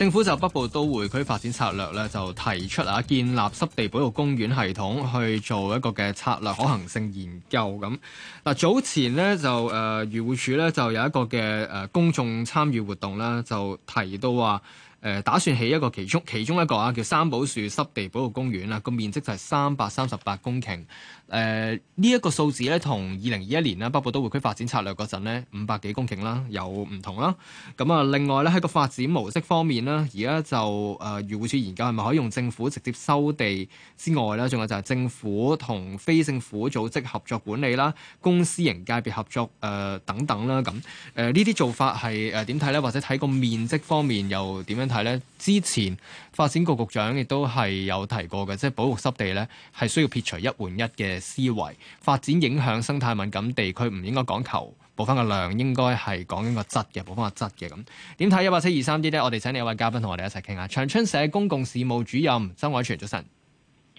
政府就北部都會區發展策略咧，就提出啊，建立濕地保育公園系統，去做一個嘅策略可行性研究。咁嗱，早前咧就誒、呃、漁護署咧就有一個嘅誒、呃、公眾參與活動啦，就提到話，誒打算起一個其中其中一個啊，叫三寶樹濕地保護公園啦，個面積就係三百三十八公頃。誒呢一個數字咧，同二零二一年啦北部都會區發展策略嗰陣咧五百幾公頃啦，有唔同啦。咁、嗯、啊，另外咧喺個發展模式方面啦，而家就誒漁護署研究係咪可以用政府直接收地之外咧，仲有就係政府同非政府組織合作管理啦，公私營界別合作誒、呃、等等啦，咁誒呢啲做法係誒點睇咧？或者睇個面積方面又點樣？睇咧，之前發展局局長亦都係有提過嘅，即係保護濕地咧，係需要撇除一換一嘅思維，發展影響生態敏感地區，唔應該講求補翻個量，應該係講緊個質嘅，補翻個質嘅咁。點睇一百七二三 D 咧？我哋請你一位嘉賓同我哋一齊傾下。長春社公共事務主任周藹銓，早晨，早晨，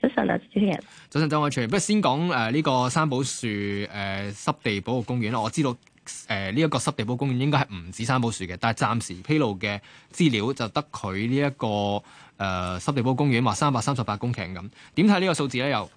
早晨啊主持人，早晨周藹銓。不如先講誒呢、呃這個三寶樹誒、呃、濕地保護公園啦。我知道。誒，呢一、呃這個濕地保公園應該係唔止三寶樹嘅，但係暫時披露嘅資料就得佢呢一個誒、呃、濕地保公園話三百三十八公頃咁，點睇呢個數字咧？又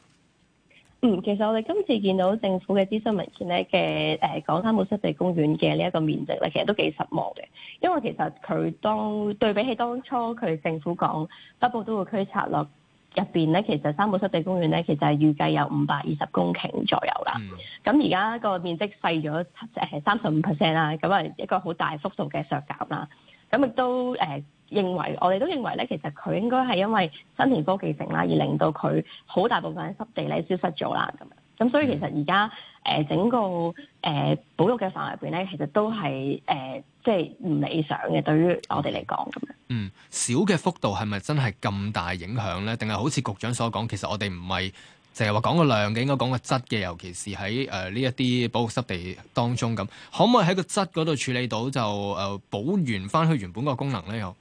嗯，其實我哋今次見到政府嘅諮詢文件咧嘅誒，講、呃、三寶濕地公園嘅呢一個面積咧，其實都幾失望嘅，因為其實佢當對比起當初佢政府講北部都會區策略。入邊咧，其實三寶濕地公園咧，其實係預計有五百二十公頃左右啦。咁而家個面積細咗誒三十五 percent 啦，咁係一個好大幅度嘅削減啦。咁亦都誒、呃、認為，我哋都認為咧，其實佢應該係因為新田科技城啦，而令到佢好大部分濕地咧消失咗啦，咁樣。咁所以其實而家誒整個誒、呃、保育嘅範圍入邊咧，其實都係誒、呃、即係唔理想嘅對於我哋嚟講咁樣。嗯，小嘅幅度係咪真係咁大影響咧？定係好似局長所講，其實我哋唔係淨係話講個量嘅，應該講個質嘅，尤其是喺誒呢一啲保護濕地當中咁，可唔可以喺個質嗰度處理到就誒、呃、補完翻佢原本個功能咧？又？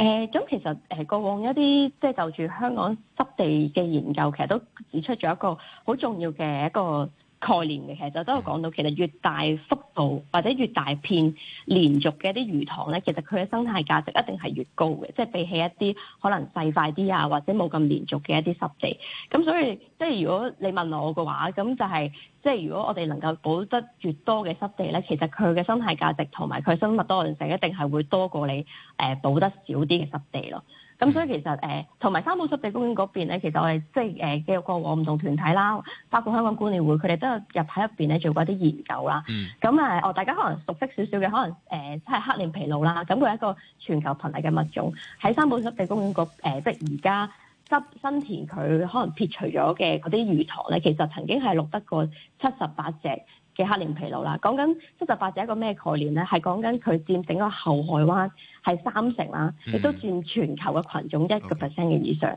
誒，咁其實誒過往一啲即係就住香港濕地嘅研究，其實都指出咗一個好重要嘅一個。概念嘅，其實都都有講到，其實越大幅度或者越大片連續嘅一啲魚塘咧，其實佢嘅生態價值一定係越高嘅，即係比起一啲可能細塊啲啊，或者冇咁連續嘅一啲濕地。咁所以即係如果你問我嘅話，咁就係、是、即係如果我哋能夠保得越多嘅濕地咧，其實佢嘅生態價值同埋佢生物多樣性一定係會多過你誒、呃、保得少啲嘅濕地咯。咁所以其實誒，同埋三寶濕地公園嗰邊咧，其實我哋即係誒嘅各運動團體啦，包括香港觀鳥會，佢哋都有入喺入邊咧做過一啲研究啦。咁、嗯、啊，我大家可能熟悉少少嘅，可能誒即係黑臉琵鷺啦。咁佢係一個全球瀕危嘅物種，喺三寶濕地公園個誒，即係而家執新田，佢可能撇除咗嘅嗰啲魚塘咧，其實曾經係錄得過七十八隻。嘅黑臉琵鷺啦，講緊七十八隻一個咩概念咧？係講緊佢佔整個後海灣係三成啦，亦都佔全球嘅群種一個 percent 嘅以上，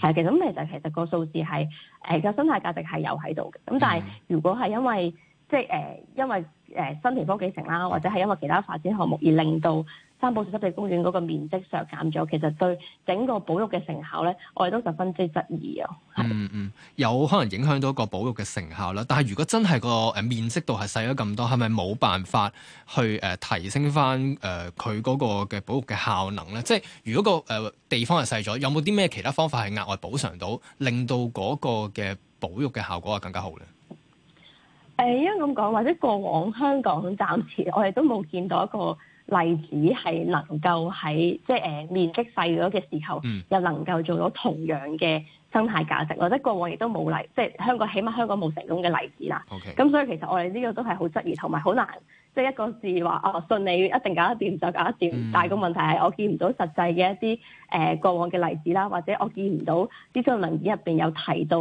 係 Okay. 其實咁其實其實個數字係誒、呃那個生態價值係有喺度嘅。咁但係如果係因為即係誒、呃、因為誒、呃、新田科技城啦，或者係因為其他發展項目而令到。三寶樹濕地公園嗰個面積削減咗，其實對整個保育嘅成效咧，我哋都十分之質疑啊！嗯嗯，有可能影響到個保育嘅成效啦。但係如果真係個誒面積度係細咗咁多，係咪冇辦法去誒、呃、提升翻誒佢嗰個嘅保育嘅效能咧？即係如果、嗰個誒、呃、地方係細咗，有冇啲咩其他方法係額外補償到，令到嗰個嘅保育嘅效果係更加好咧？誒、呃，因為咁講，或者過往香港暫時我哋都冇見到一個。例子係能夠喺即係誒、呃、面積細咗嘅時候，嗯、又能夠做到同樣嘅生態價值，或者過往亦都冇例，即係香港起碼香港冇成功嘅例子啦。咁 Okay. 所以其實我哋呢個都係好質疑，同埋好難，即係一個字話啊，信你一定搞得掂就搞得掂。嗯、但係個問題係，我見唔到實際嘅一啲誒、呃、過往嘅例子啦，或者我見唔到呢張文件入邊有提到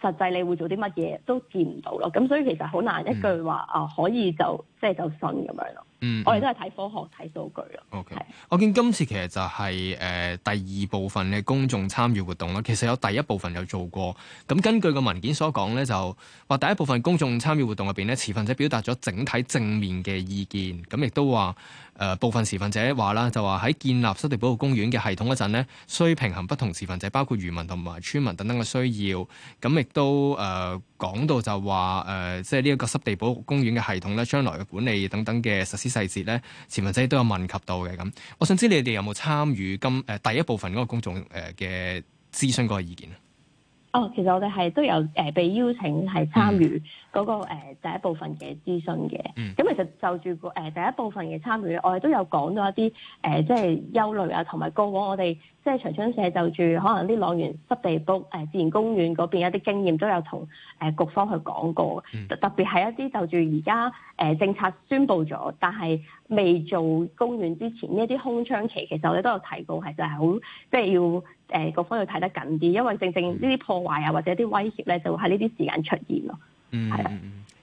實際你會做啲乜嘢都見唔到咯。咁所以其實好難一句話啊，可以就即係就信咁樣咯。嗯，我哋都係睇科學睇數據咯。OK，是我見今次其實就係、是、誒、呃、第二部分嘅公眾參與活動啦。其實有第一部分有做過。咁根據個文件所講咧，就話第一部分公眾參與活動入邊咧，持份者表達咗整體正面嘅意見。咁亦都話誒部分持份者話啦，就話喺建立濕地保護公園嘅系統嗰陣咧，需平衡不同持份者，包括漁民同埋村民等等嘅需要。咁亦都誒、呃、講到就話誒、呃，即係呢一個濕地保護公園嘅系統咧，將來嘅管理等等嘅實施。細節咧，前文仔都有問及到嘅。咁，我想知你哋有冇參與今誒第一部分嗰個公眾誒嘅諮詢嗰個意見啊？哦，其實我哋係都有誒被邀請係參與。嗯。嗰、那個、呃、第一部分嘅諮詢嘅，咁、嗯、其實就住誒、呃、第一部分嘅參與，我哋都有講到一啲誒、呃、即係憂慮啊，同埋過往我哋即係長春社就住可能啲塱原濕地公誒、呃、自然公園嗰邊一啲經驗都有同誒局方去講過，嗯、特別係一啲就住而家誒政策宣布咗，但係未做公園之前呢啲空窗期，其實我哋都有提過，其就係、是、好、就是、即係要誒各、呃、方要睇得緊啲，因為正正呢啲破壞啊或者啲威脅咧就會喺呢啲時間出現咯。嗯，係，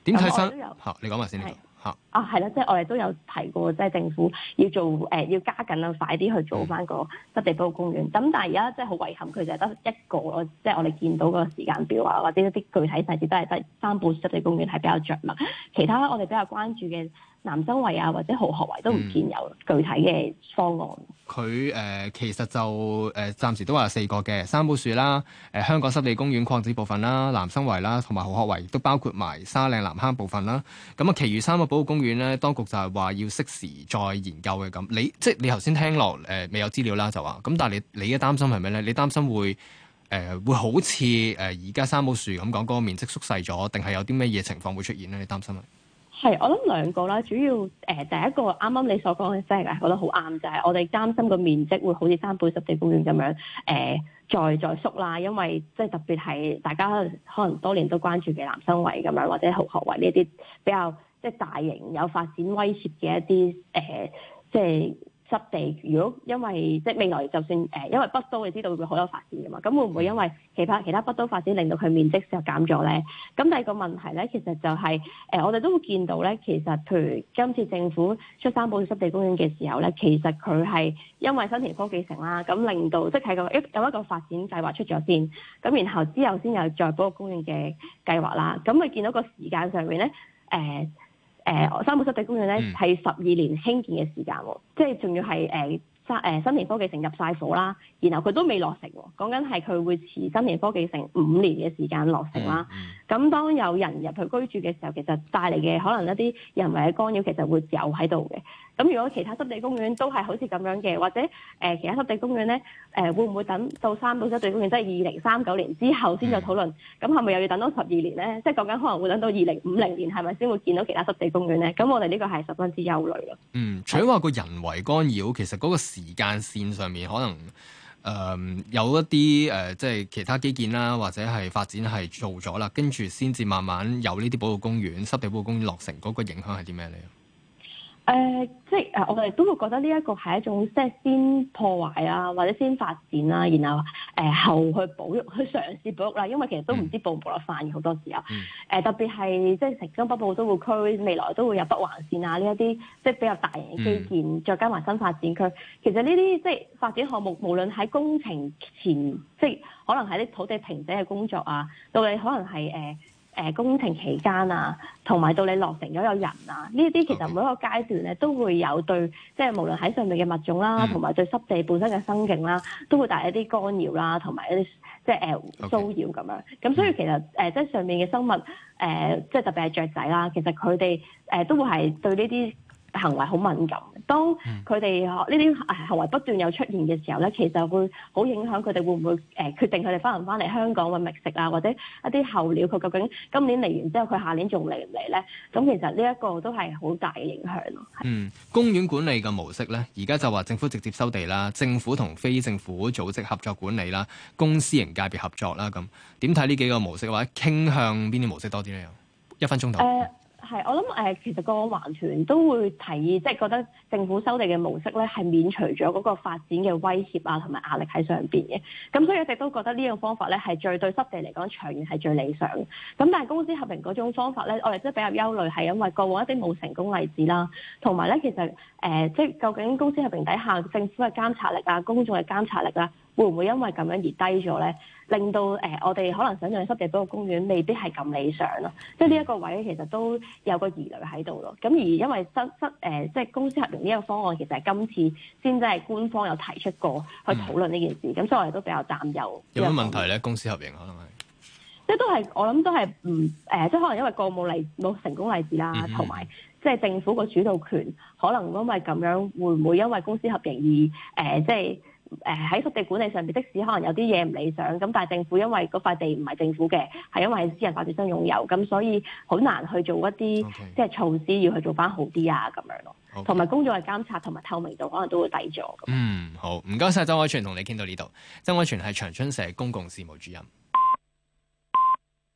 點睇身？吓，你講埋先。係，吓，啊，係啦，即係我哋都有提過，即係政府要做，誒、呃，要加緊啦，快啲去做翻個濕地保育公園。咁、嗯、但係而家即係好遺憾，佢就係得一個，即係我哋見到個時間表啊，或者一啲具體細節都係得三部濕地公園係比較着墨，其他我哋比較關注嘅。南生圍啊，或者蠔殼圍都唔見有具體嘅方案。佢誒、嗯呃，其實就誒，暫、呃、時都話有四個嘅，三寶樹啦，誒、呃，香港濕地公園擴展部分啦，南生圍啦，同埋蠔殼圍都包括埋沙嶺南坑部分啦。咁、嗯、啊，其餘三個保護公園咧，當局就係話要適時再研究嘅咁。你即係你頭先聽落誒、呃，未有資料啦，就話咁。但係你你嘅擔心係咩咧？你擔心，心會誒、呃、會好似誒而家三寶樹咁講，嗰、那個面積縮細咗，定係有啲咩嘢情況會出現咧？你擔心啊？係，我諗兩個啦，主要誒、呃、第一個啱啱你所講嘅聲係覺得好啱，就係、是、我哋擔心個面積會好似三寶濕地公園咁樣誒、呃，再再縮啦，因為即係特別係大家可能多年都關注嘅南生圍咁樣，或者蠔殼圍呢啲比較即係大型有發展威脅嘅一啲誒、呃，即係。濕地，如果因為即係未來，就算誒、呃，因為北都你知道會會好有多發展噶嘛，咁會唔會因為其他其他北都發展令到佢面積就減咗咧？咁第二個問題咧，其實就係、是、誒、呃，我哋都會見到咧，其實譬如今次政府出三寶濕地公園嘅時候咧，其實佢係因為新田科技城啦，咁令到即係個一有一個發展計劃出咗先，咁然後之後先有再補個公園嘅計劃啦。咁佢見到個時間上面咧誒、呃誒、呃、三個濕地公園咧，係十二年興建嘅時間，即係仲要係誒、呃、新誒新田科技城入晒伙啦，然後佢都未落成，講緊係佢會遲新田科技城五年嘅時間落成啦。嗯嗯咁當有人入去居住嘅時候，其實帶嚟嘅可能一啲人為嘅干擾，其實會有喺度嘅。咁如果其他濕地公園都係好似咁樣嘅，或者誒其他濕地公園呢，誒會唔會等到三到濕地公園，即係二零三九年之後先再討論？咁係咪又要等到十二年呢？即係講緊可能會等到二零五零年，係咪先會見到其他濕地公園呢？咁我哋呢個係十分之憂慮咯。嗯，除咗話個人為干擾，其實嗰個時間線上面可能。誒、嗯、有一啲誒、呃、即係其他基建啦，或者係發展係做咗啦，跟住先至慢慢有呢啲保護公園濕地保護公園落成，嗰、嗰個影響係啲咩嚟咧？誒、呃，即係誒、呃，我哋都會覺得呢一個係一種即係先破壞啊，或者先發展啦、啊，然後誒、呃、後去保育去嘗試保育啦、啊。因為其實都唔知保唔保得返而好多時候，誒、嗯呃，特別係即係城中北部都會區未來都會有北環線啊，呢一啲即係比較大型嘅基建，嗯、再加埋新發展區。其實呢啲即係發展項目，無論喺工程前，即係可能喺啲土地平整嘅工作啊，到係可能係誒。呃誒、呃、工程期間啊，同埋到你落成咗有人啊，呢啲其實每一個階段咧都會有對，即係無論喺上面嘅物種啦，同埋對濕地本身嘅生境啦，都會帶一啲干擾啦，同埋一啲即係誒、呃、騷擾咁樣。咁所以其實誒、呃、即係上面嘅生物，誒、呃、即係特別係雀仔啦，其實佢哋誒都會係對呢啲行為好敏感，當佢哋呢啲行為不斷有出現嘅時候咧，嗯、其實會好影響佢哋會唔會誒、呃、決定佢哋翻唔翻嚟香港嘅覓食啊，或者一啲候鳥佢究竟今年嚟完之後，佢下年仲嚟唔嚟咧？咁其實呢一個都係好大嘅影響咯。嗯，公園管理嘅模式咧，而家就話政府直接收地啦，政府同非政府組織合作管理啦，公私營界別合作啦，咁點睇呢幾個模式或者傾向邊啲模式多啲咧？一分鐘頭。呃係，我諗誒、呃，其實個環團都會提議，即、就、係、是、覺得政府收地嘅模式咧，係免除咗嗰個發展嘅威脅啊，同埋壓力喺上邊嘅。咁佢一直都覺得呢個方法咧係最對濕地嚟講長遠係最理想。咁但係公司合併嗰種方法咧，我哋真係比較憂慮，係因為過往一啲冇成功例子啦，同埋咧其實誒、呃，即係究竟公司合併底下政府嘅監察力啊，公眾嘅監察力啊？會唔會因為咁樣而低咗咧？令到誒、呃、我哋可能想像濕地嗰個公園未必係咁理想咯。嗯、即係呢一個位其實都有個疑慮喺度咯。咁而因為濕濕誒，即係公司合營呢一個方案，其實係今次先真係官方有提出過去討論呢件事。咁、嗯、所以我哋都比較擔憂。有乜問題咧？公司合營可能係即係都係我諗都係唔誒，即係可能因為個冇例冇成功例子啦，同埋即係政府個主導權，可能因為咁樣會唔會因為公司合營而誒、呃、即係？誒喺土地管理上邊，即使可能有啲嘢唔理想，咁但係政府因為嗰塊地唔係政府嘅，係因為私人發展商擁有，咁所以好難去做一啲 Okay. 即係措施，要去做翻好啲啊咁樣咯。同埋公眾嘅監察同埋透明度，可能都會低咗。嗯，好，唔該晒，周藹銓同你傾到呢度。周藹銓係長春社公共事務主任。